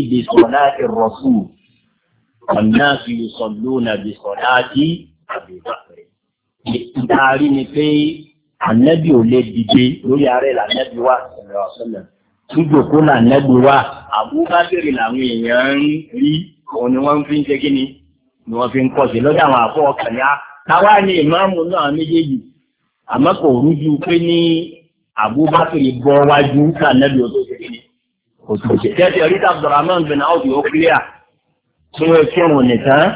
ibi sọ̀lá ìrọ̀sù ọ̀nà fi sọ̀lú nàbì sọ̀lá tí àbí bàbẹ̀. Ìtaari ni pé ànẹ́bì ò lè dìde lórí ààrẹ lànẹ́bì wà sọ̀rọ̀ sọ̀lọ̀. Tújòkó lànẹ́bì wà, àbúbákẹ́rì làwọn èèyàn ń rí, òun ni wọ́n fi ń ṣe kíni, ni wọ́n fi ń kọ̀ sí lọ́dọ̀ àwọn àfọ́ ọkàn yá. Táwa ni ìmáàmù náà méjèèjì, àmọ́ kò rújú pé ní àbúbákẹ́rì bọ́ wájú lànẹ́bì ò tó ṣe kíni kò tó ṣe. jẹ́sí orí Abdulrahman bin Awf ó kílíà tí wọ́n kírun nìkan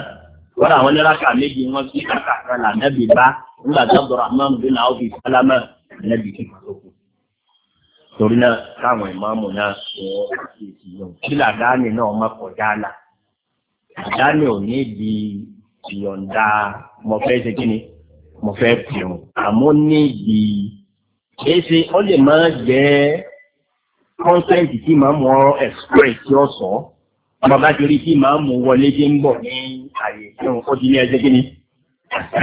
wọ́n àwọn oníraka méjì wọn kí kàkà kan là nẹ́bí bá nígbà tí Abdulrahman bin Awf sálámà nẹ́bí kí kàkà kù. torí náà káwọn ìmáàmù náà wọ́n ti ti yàn kí làdáni náà má kọjá là àdáni ò ní di ìyọ̀ǹda mọ̀fẹ́ ṣe kí ni mọ̀fẹ́ kírun àmọ́ ní ìdí kìí ṣe ó lè máa jẹ́ consent tí màmú ọ express tí ó sọ ọmọ bá ti rí tí màmú wọlé tí ń bọ̀ ní àyè tí ó ti ní ẹsẹ̀ kíní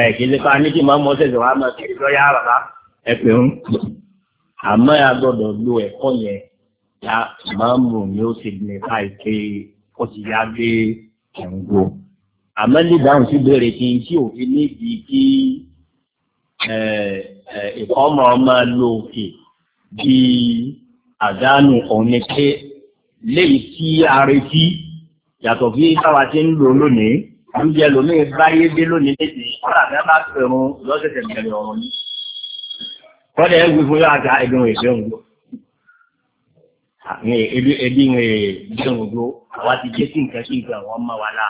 ẹ̀kíní pa ní tí màmú ọ̀sẹ̀ wàá máa fi lọ́yà rárá ẹ̀pẹ̀ ń àmọ́ a gbọ́dọ̀ lo ẹ̀kọ́ yẹn ya màmú ni ó signify pé ó ti yá gbé kẹ̀ǹgbò àmọ́ ní sí béèrè kí n tí òfin níbi kí ẹ̀ẹ́dẹ̀ẹ́dẹ̀ ìkọ́ ọmọ ọmọ òkè bíi àdánù òun ni pé léyìí tí a retí yàtọ̀ bí táwa ti ń lò lónìí oúnjẹ lónìí báyé dé lónìí léde kọ́dà bí wọ́n bá pẹ̀rùn lọ́sẹ̀sẹ̀ bẹ̀rẹ̀ ọ̀run yìí kọ́dà ẹ̀ wí fún yóò àga ẹ̀dùn ìṣẹ́hùn ló ẹbí ń ìṣẹ́hùn ló àwa ti jẹ́ sí nǹkan sí nǹkan àwọn ọmọ wa la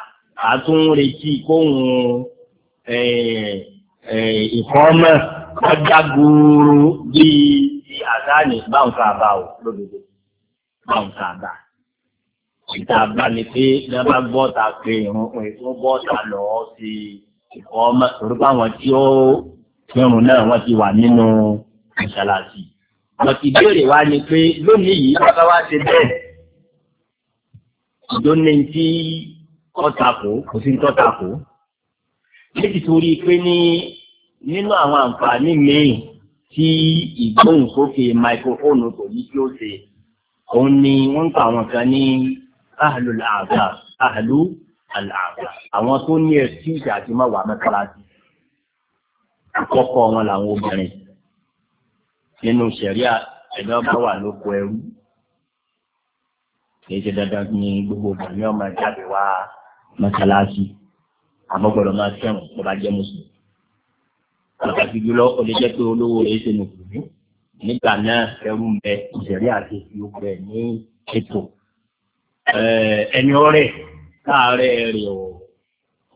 a tún ń retí kóhun ìfọ́mọ̀ kọjá gbòòrò bíi àdáni báǹkà bá o lódodo báǹkà bá ìta bá ni pé dábàá gbọ́ ta pé irun pé tó gbọ́ ta lọ sí ìkọ́ ọmọ orúkọ àwọn tí ó irun náà wọ́n ti wà nínú mọ́ṣáláṣí. àwọn ti béèrè wá ni pé lónìí yìí bàbá wa ṣe bẹ́ẹ̀ ìdóni tí kọ́tàkó kò sí tọ́tàkó. méjì torí pé ní nínú àwọn àǹfààní míì tí ìgbóhùnsókè máikrófóònù kò ní kí ó ṣe òun ni wọ́n ń pa àwọn kan ní ahlu aza ahlu al-aza àwọn tó ní ẹ̀sìtì àti má wà mẹ́kàlásì àkọ́kọ́ wọn làwọn obìnrin nínú sẹ̀ríà ẹ̀dá bá wà lóko ẹrú kì í ṣe dandan ní gbogbo obìnrin ọmọ ìjáde wá mẹ́kàlásì àmọ́ gbọ́dọ̀ máa fẹ́ràn tó bá jẹ́ mùsùlùmí pàtàkì jùlọ ó lè jẹ́ pé olówó rẹ̀ ṣe mùsùlùmí nígbà náà ẹrú ń bẹ ìṣẹ̀rí àti ìyókù rẹ̀ ní ètò ẹni ọ̀rẹ́ káàárẹ̀ rẹ̀ ò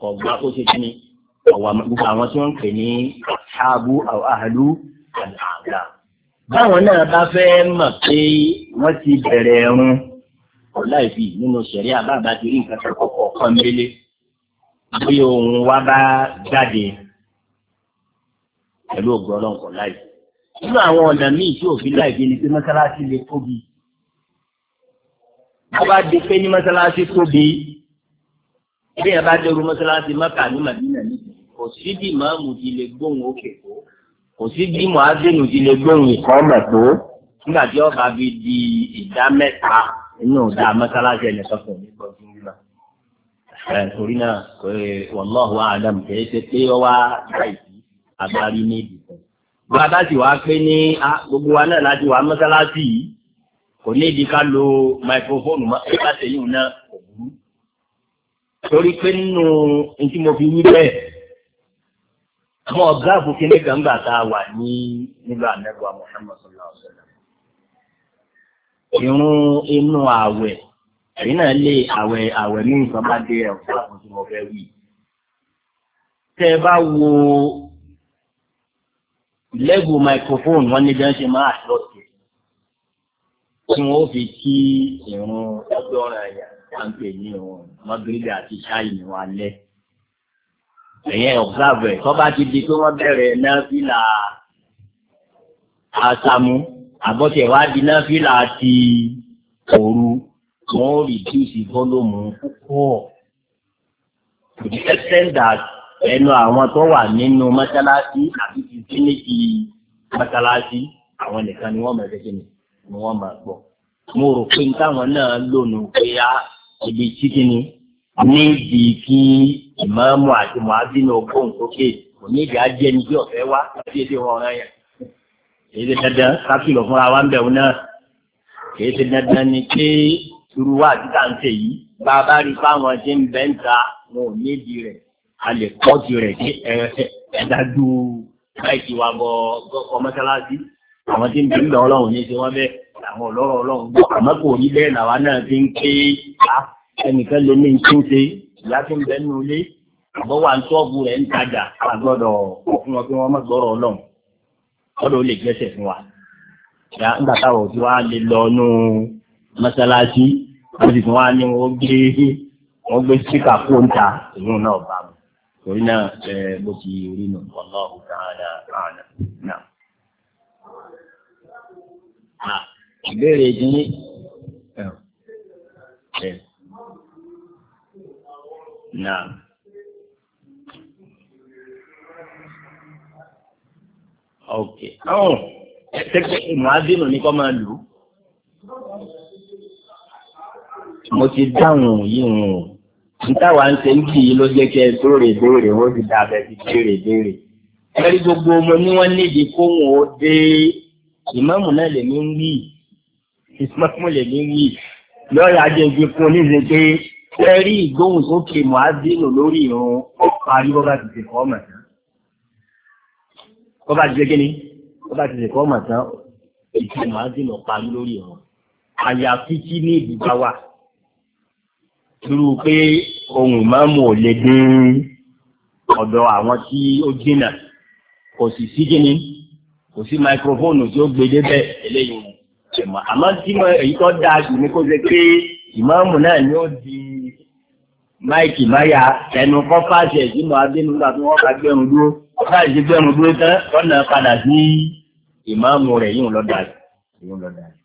ọ̀gbá ó ṣe kí ni gbogbo àwọn tí wọ́n ń pè ní ṣáàbù àhàlú àgbà. báwọn náà bá fẹ́ mọ̀ pé wọ́n ti bẹ̀rẹ̀ ẹ̀rùn ọ̀láìbí nínú ṣẹ̀rí àbábá ti rí kọ̀ọ̀kan mélé bóyá òun wá bá jáde pẹ̀lú ògbọ́n ọlọ́run kọ̀ láì. nínú àwọn ọ̀nà míì tí òfin láì bí ni pé mọ́sálásí lè tóbi. wọ́n bá di pé ní mọ́sálásí tóbi bí ẹ bá dẹrù mọ́sálásí mọ́kà ní màdínà ní kò sí bí màámù ti lè gbóhùn òkè tó kò sí bí màádínù ti lè gbóhùn ìkọ́mọ̀ tó nígbà tí ọba fi di ìdá mẹ́ta inú ìdá mọ́sálásí ẹ̀ torí náà wàlláhu àdàm kìí ṣe pé ọ wá láì àtàrí níbi bá a bá sì wá pé ní gbogbo wa náà láti wà mọ́sálásí yìí kò ní ìdí ká lo máikrófóònù mọ́ pé láti ẹ̀yìn náà kò burú torí pé nínú ní tí mo fi wí bẹ́ẹ̀ àwọn ọ̀gá àbùkí ní gbàǹgbà tá a wà ní nígbà mẹ́wàá Muhammad sallallahu alaihi wa sallam irun inú ààwẹ̀ èyí náà lé ààwẹ̀ ààwẹ̀ ní ìsọ̀bádé ẹ̀ fún àkóso ọ̀fẹ́ wì tẹ́ ẹ bá wo lẹ́gùn microphone wọ́n ní bí wọ́n ṣe máa àṣọ́ọ̀tì tí wọ́n fi kí ìrún ẹgbẹ́ ọ̀rọ̀ ẹ̀yà wọ́n pè ní ìrún mọ́gírídì àti ṣáì ní wọn alẹ́. ẹ̀yẹn observe tó bá ti di pé wọ́n bẹ̀rẹ̀ náfìlà àṣàmú àbọ̀tẹ̀ wá di náfìlà àti òru wọ́n reduce volume púpọ̀ to the extent that ẹnu àwọn tó wà nínú mọ́ṣáláṣí àti títí méjì mọ́ṣáláṣí àwọn nìkan ni wọ́n mọ̀ ẹ̀ṣẹ̀ ni ni wọ́n mọ̀ gbọ́. mo rò pé táwọn náà lónù pé á ibi tí kìíní níbi kí ìmáàmù àti mọ̀ábínú ọgbọ́n sókè kò ní ìdí ajé ni bí ọ̀fẹ́ wá láti èdè wọn ọ̀ràn yẹn. èyí ti dandan kákìlọ̀ fúnra wa ń bẹ̀rù náà èyí ti dandan ni pé irú wa àti tàǹtẹ̀ yìí bá a bá rí fáwọn tí ń bẹ́ wọn ò ní ìdí rẹ̀ a lè pọ́jù rẹ̀ dé ẹ̀ẹ́dájú báyìí wa bọ ọkọ̀ àwọn tí ń bí lọ ọlọ́run ní ṣe wọ́n bẹ́ẹ̀ àwọn ọlọ́rọ̀ ọlọ́run gbọ́ àmọ́ kò rí bẹ́ẹ̀ làwa náà fi ń ké ẹnìkan lè ní tún ṣe ìyá tó ń bẹ nínú ilé àbọ̀ wà ń tọ́ọ̀bù rẹ̀ ń tajà àgbọ̀dọ̀ fún wọn pé wọ́n má gbọ́rọ̀ ọlọ́run ọlọ́run lè gbẹ́sẹ̀ fún wa ìyá ń bàtà wọ̀ lè lọ nú mọ́sálásí wọ́n sì tún wá ní wọ́n gbé wọ́n gbé síkà fóńtà ìyún náà bá torí náà bó ti rí nù wallahu ta'ala a'lam náà. ìbéèrè dín náà. ok ọ̀hún ẹ̀sẹ̀kẹ̀ ìmọ̀-adínú ní kọ́ máa lù ú. mo ti dáhùn yìí hùn nítawà ń ṣe ń kì í ló jẹ́ kí ẹ béèrè béèrè wọ́n ti dà bẹ́ẹ̀ fi béèrè béèrè. ẹ̀rí gbogbo ọmọ ni wọ́n nídi kóhùn ó dé ìmáàmù náà lèmi ń wí ìmáàmù lèmi ń wí lọ́ọ̀yà ajẹ́jú fún oníṣe pé ẹ̀rí ìgbóhùn sókè mọ́ádínù lórí ìrun ó parí bọ́ba ti ṣe kọ́ ọmọ tán. bọ́ba ti ṣe kí ni bọ́ba ti ṣe kọ́ ọmọ tán ìṣe mọ́ádínù parí lórí ìrun àyàfi kí ní ìdìbá irú pé ohun ìmáàmù ò lè dé ọ̀dọ̀ àwọn tí ó jìnnà kò sì sí kíni kò sí máikrófóònù tí ó gbé débẹ̀ eléyìí ẹ̀mọ́ àmọ́ tí èyí tó dáa jù ní kó ṣe pé ìmáàmù náà ni ó di máìkì máyà ẹnu kọ́ fàṣẹ ìdínà abínú nígbà tí wọ́n bá gbẹ̀rún dúró wọ́n bá ti dúró tán lọ́nà padà sí ìmáàmù rẹ̀ yìí ń lọ́dà yìí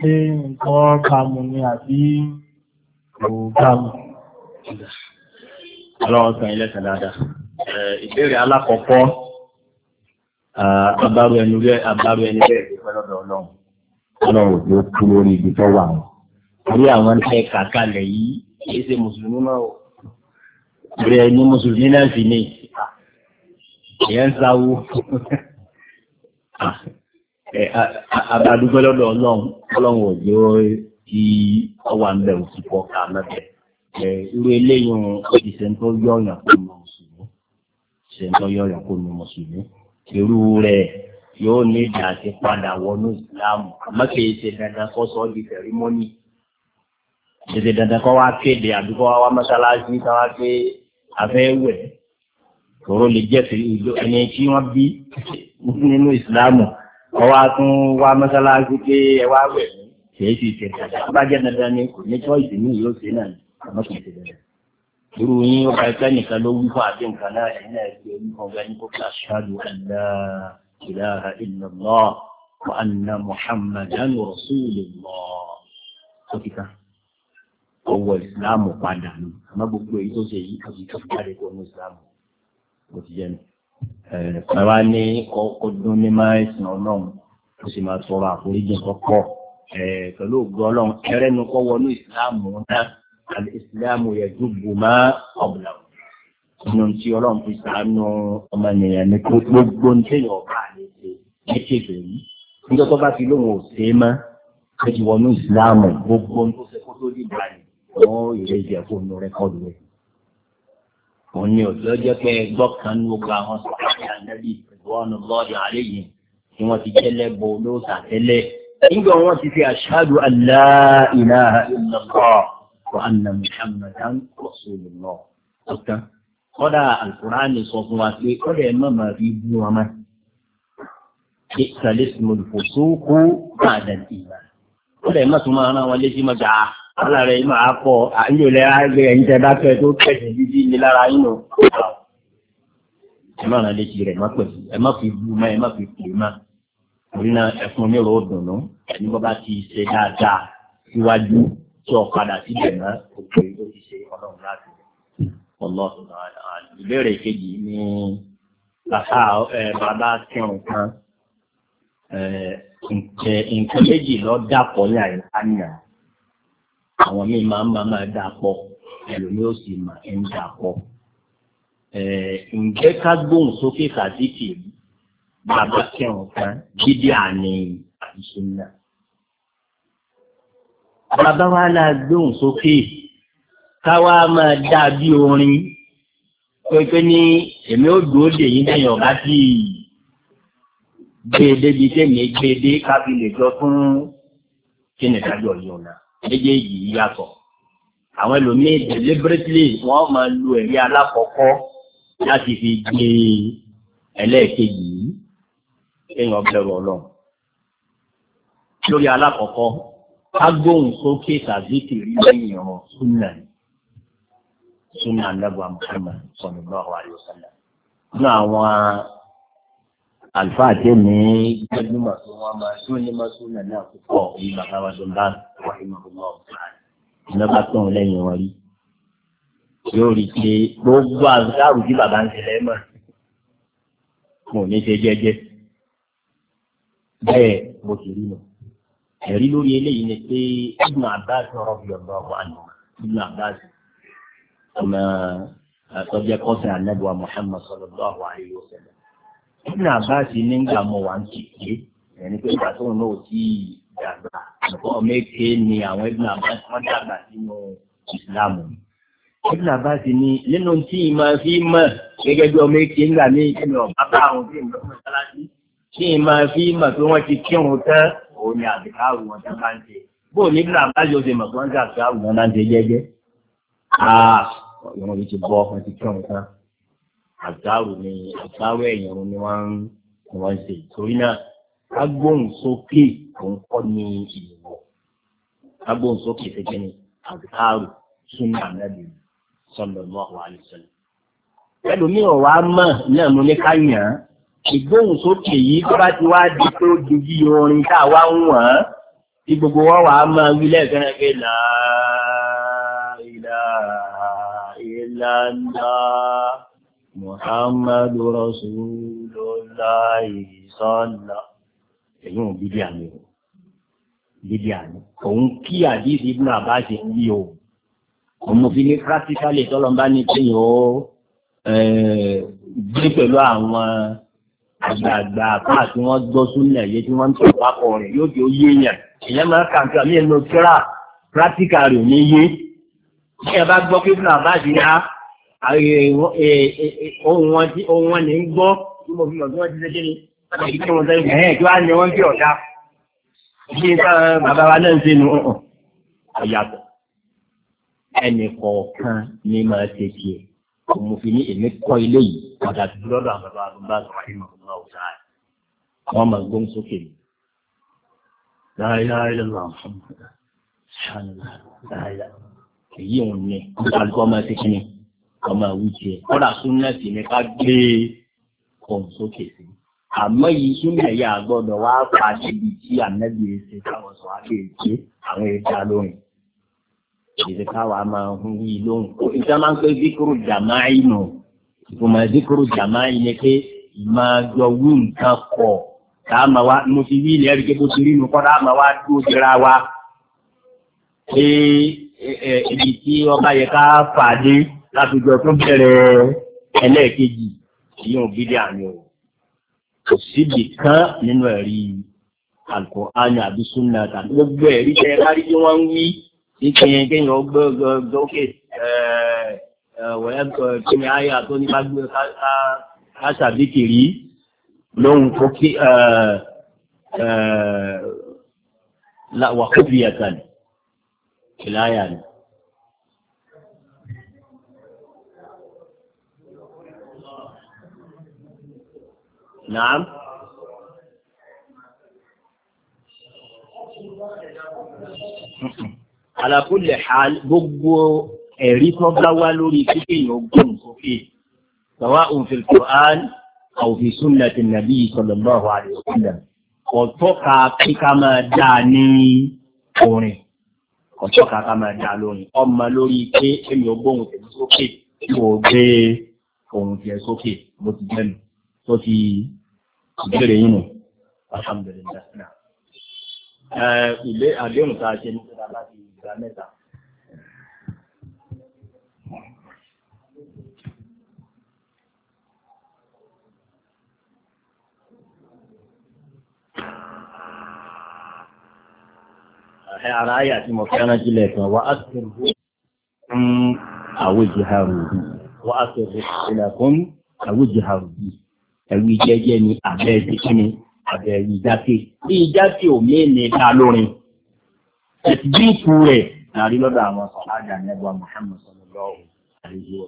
pé nǹkan kàmù ni àbí ògbàmù. Ọlọ́run tàn ilẹ̀ tàn dáadáa. Ìbéèrè alákọ̀ọ́kọ́, abáró ẹni rẹ̀ abáró ẹni rẹ̀ lọ́dọ̀ ọlọ́run. Ọlọ́run ló kú lórí ibi tó wà wọn. Orí àwọn tẹ kàkálẹ̀ yìí, kìí ṣe Mùsùlùmí náà o. Orí ẹni Mùsùlùmí náà sì ni. Ìyẹn ń sáwó. Ah, abadúgbò lọ́dọ̀ ọlọ́run ọlọ́run òjò tí ọwà ń bẹ̀rù sí pọ̀ ká mẹ́bẹ̀. irú eléyìí ó ti ṣe ń tó yọ̀yàn kó nu mùsùlùmí ṣe ń tó yọ̀yàn kó nu mùsùlùmí irú rẹ̀ yóò ní ìdá àti padà wọnú ìsìlámù àmọ́ kì í ṣe dandan kó sọ ọ́ di sẹ̀rímọ́nì ṣèṣe dandan kó wá kéde àbí kó wá wá mọ́ṣáláṣí ká wá pé afẹ́ wẹ̀ tòró lè jẹ́ ẹni tí wọ́n bí nínú ìsìlámù ọwọ́ tún wá mọ́sálásí pé ẹ wá wẹ̀ mí kì í sì ṣe dáadáa bá jẹ́ dandan ni kò ní choice mi yóò ṣe náà àmọ́ kì í ṣe dandan. irú yín ó bá ẹgbẹ́ nìkan ló wí fún àti nǹkan náà ẹ̀yin náà ṣe orí kan bẹ́ẹ̀ ní kó kà ṣáàdù ẹ̀dá ìlàhà ìlọ́lọ́ wa anna muhammadan rasulullah ó ti ká ọwọ́ ìsìláàmù padà ní àmọ́ gbogbo èyí tó ṣe yìí ó ẹ̀ẹ̀kan wá ní ọdún ní máa ẹ̀sìn ọlọ́run ó sì máa tọrọ àforíjì kọ́kọ́ pẹ̀lú ògùn ọlọ́run kẹrẹ́nu kọ́ wọnú ìsìláàmù náà àti ìsìláàmù yẹ dùgbò má ọ̀bùnà nínú tí ọlọ́run fi sàánú ọmọnìyàn ní kó gbogbo ní tẹ̀yìn ọ̀bá àlejò ní kébè yìí níjọ́ tó bá fi lóhùn òsè mọ́ ó ti wọnú ìsìláàmù gbogbo ní tó ṣe tó dìgbà yìí wọ́n ìrẹ́jẹ̀ fóònù rẹ́kọ́dù rẹ̀ òun ni òlọ́jọ́ pé ẹgbọ́ kan ní ogun àwọn sọ̀rọ̀ ànábì ìwọ́nù lọ́ọ̀dì àléyé tí wọ́n ti jẹ́lẹ̀ bo olóòtà tẹ́lẹ̀ nígbà wọn ti fi ashhadu an la ilaha illallah wa anna muhammadan rasulullah ọ̀tán kọ́dà alukùránì sọ fún wa pé kọ́dà ẹ̀ má máa fi bú wọn mọ́ ìsàlẹ̀ sùnmọ̀lùfọ̀sọ́kù ba'da al-iman kọ́dà ẹ̀ má tún máa rán wọn létí mọ́ dáa. ala rẹ̀ yìí máa pọ̀ àyò lẹ́ra ẹgbẹ́ ẹ̀yìn tẹ́ tó kẹ̀sì dídí ní lára yín nù. ẹ má ràn rẹ̀ má pẹ̀lú ẹ má fi bú má ẹ má fi pè má náà mi rò dùnú ẹni bọ́ bá ti ṣe dáadáa síwájú tí ọ̀kadà òkè ló ti ṣe ọlọ́run láti ìbéèrè kejì ní bàbá bàbá kan nǹkan méjì lọ àwọn míì máa ń máa máa dà pọ̀ ẹlòmíì ó sì máa ń dà pọ̀. ǹjẹ́ ká gbóhùn sókè tàbí kì í bàbá kẹrùn kan dídí àní àṣìṣe náà. bàbá wa la gbóhùn sókè káwa máa dà bí orin pépé ní èmi ò dúró dè yín lẹ́yìn ọ̀gá tí gbé e débi tẹ̀mí gbé e dé kábílẹ̀ jọ fún kí nìdájọ́ yìí ọ̀nà méjèèjì yàtọ̀ àwọn ẹlòmíì deliberately wọ́n máa lu ẹ̀rí alákọ̀ọ́kọ́ láti fi gbé ẹlẹ́ẹ̀kejì yìí kéèyàn bẹ̀rù ọlọ́run lórí alákọ̀ọ́kọ́ agbóhùn sókè tàbí kiri lẹ́yìn ọ̀rọ̀ súnà súnà nàbà Muhammad sallallahu alaihi wasallam ní àwọn àlùfáà tí èmi gbẹ́dú mà tó wọn máa tó ní má tó nàní àkókò ní bàbá wa tó ń bá wàhí mà fún wọn iná bá tó ń lẹ́yìn wọn rí yóò rí i pé gbogbo àrùn tí bàbá ń tẹ̀lé mà kò ní ṣe jẹ́jẹ́ bẹ́ẹ̀ mo sì rí nù ẹ̀rí lórí eléyìí ni pé ibùn abbas ọ̀rọ̀ fi ọ̀dọ̀ wà nù ibùn abbas ọmọ àtọ́jẹ́kọ́sẹ̀ anábọ̀ muhammad sallallahu alayhi wa Ibn Abbas nígbà mo wà ń kéke ẹni pé ìgbà tóun náà ti dàgbà ọ̀pọ̀ méje ni àwọn Ibn Abbas wọ́n dàgbà sínú ìsìlámù. Ibn Abbas ní nínú tí ìmọ̀ fi mọ̀ gẹ́gẹ́ bí ọmọ èké ńgbà ní ìpínlẹ̀ ọ̀bá bá àwọn tí ìmọ̀ fún ìsálásí tí ìmọ̀ fi mọ̀ pé wọ́n ti kírun tán òun ni àbíká wọn tán bá ń ṣe. Bóò ní Ibn Abbas yóò ṣe mọ̀ pé wọ́n ń ṣe àbíká wọn náà ń ṣe jẹ́jẹ́. Àà ah, ìrùn yìí ti bọ́ wọ́n ti kírun tán àgbáàrò ni àgbáàrò ẹ̀yìn ni wọ́n ń wọ́n ń ṣe torí náà agbóhùn sókè òun kọ́ ni ìwọ̀ agbóhùn sókè gẹ́gẹ́ ni àgbáàrò súnmọ́ ànábì sallallahu alaihi wasallam. ẹlòmíì ọ̀wá mọ̀ náà mo ní ká yàn án ìgbóhùn sókè yìí tó bá ti wá di tó ju bí orin tá a wá ń wọ̀n án tí gbogbo wọn wàá máa wí lẹ́ẹ̀kan pé la ilaha illallah muhammadu rasulullah sọ́lá èyí ò bíbí àmì o bíbí àmì òun kí àdìsí ibùdó àbá ṣe ń bí o òun fi ní practically tọ́lọ́mbá ní kéèyàn ó gbé pẹ̀lú àwọn àgbààgbà apá tí wọ́n gbọ́ súnlẹ̀ yé tí wọ́n ń tẹ̀ pápọ̀ rẹ̀ yóò di oyé yẹn èèyàn máa kà nǹkan mí ẹnu kíra practical rẹ̀ ní yé bí ẹ bá gbọ́ pé ibùdó àbá ṣe yá ohun wọn tí ń gbọ́ tí mo fi mọ̀ tí wọ́n ti ṣe nu ní máa ṣe tiẹ̀ mo fi ní èmi kọ́ ilé yìí ọ̀dà tó lọ́dọ̀ àwọn bàbá àgbà tó wáyé mọ̀ fún ọ̀sà rẹ̀ wọ́n máa gbóhùn sókè ọmọ àwùjẹ kọ́dà súnmẹ́sì ni ká gbé ọ̀hún sókè sí. àmọ́ yìí súnmẹ́ yà gbọ́dọ̀ wá pa síbi tí ànábì ẹsẹ̀ káwọn sọ wá lè ṣe àwọn ẹja lóhùn. èdè káwa máa ń wí lóhùn. ìta máa ń pẹ́ díkùrù jàmáì nù. ìgbìmọ̀ díkùrù jàmáì ni pé máa jọ wí nǹkan kọ̀ dáàmà wa mo ti wí ilẹ̀ ẹ̀rí kébó ti rí nu kọ́ dáàmà wa dúró jẹra wa. ṣé ibi tí ọba yẹ ká fà dé látòjọ tó bẹ̀rẹ̀ ẹlẹ́ẹ̀kejì ìyẹn òbílẹ̀ àmì o kò síbi kan nínú ẹ̀rí Al-Qur'ani àbí súnà tàbí gbogbo ẹ̀rí tẹ ẹ kárí tí wọ́n ń wí ní kéèyàn kéèyàn gbọ́ gòkè wẹ̀ẹ́ kí ni àyà tó ní bá gbé ká ṣàbí kiri lóhun kó kí wà kó fi ẹ̀ka ní kìláyà ni. Nàám. Ala kulli hal gbogbo ẹ̀rí tó bá wá lórí kíkẹ́ yóò gbọ́n sókè. Sawa'un fil Qur'an aw fi sunnati Nabi sallallahu alayhi wa sallam. Ọ̀tọ́ ka kíkà máa dá ní orin. Ọ̀tọ́ ka ká máa dá lórin. Ọmọ lórí pé èmi ò gbóhùn tẹ̀lé sókè. Mo gbé ohun tiẹ̀ sókè. Mo ti jẹ́ tó ti ìbéèrè yìí nù alhamdulilayi ilé àdéhùn tá a ṣe ní ìjọba láti ìgbà mẹ́ta. ara ayà tí mo fẹ́ràn jílẹ̀ kan wà á ti rú fún àwòjì harubi wà á ti rú fún àwòjì harubi ẹ̀wù jẹ́jẹ́ ni àbẹ́ ìdíkíni àbẹ́ ìdáké bí ìdáké ò mí ní ta lórin ẹ̀sìn bí ìkú rẹ̀ láàrin lọ́dọ̀ àwọn sọ̀rọ̀ àjà nẹ́gbà Muhammad sọ̀rọ̀ lọ́wọ́ àríyí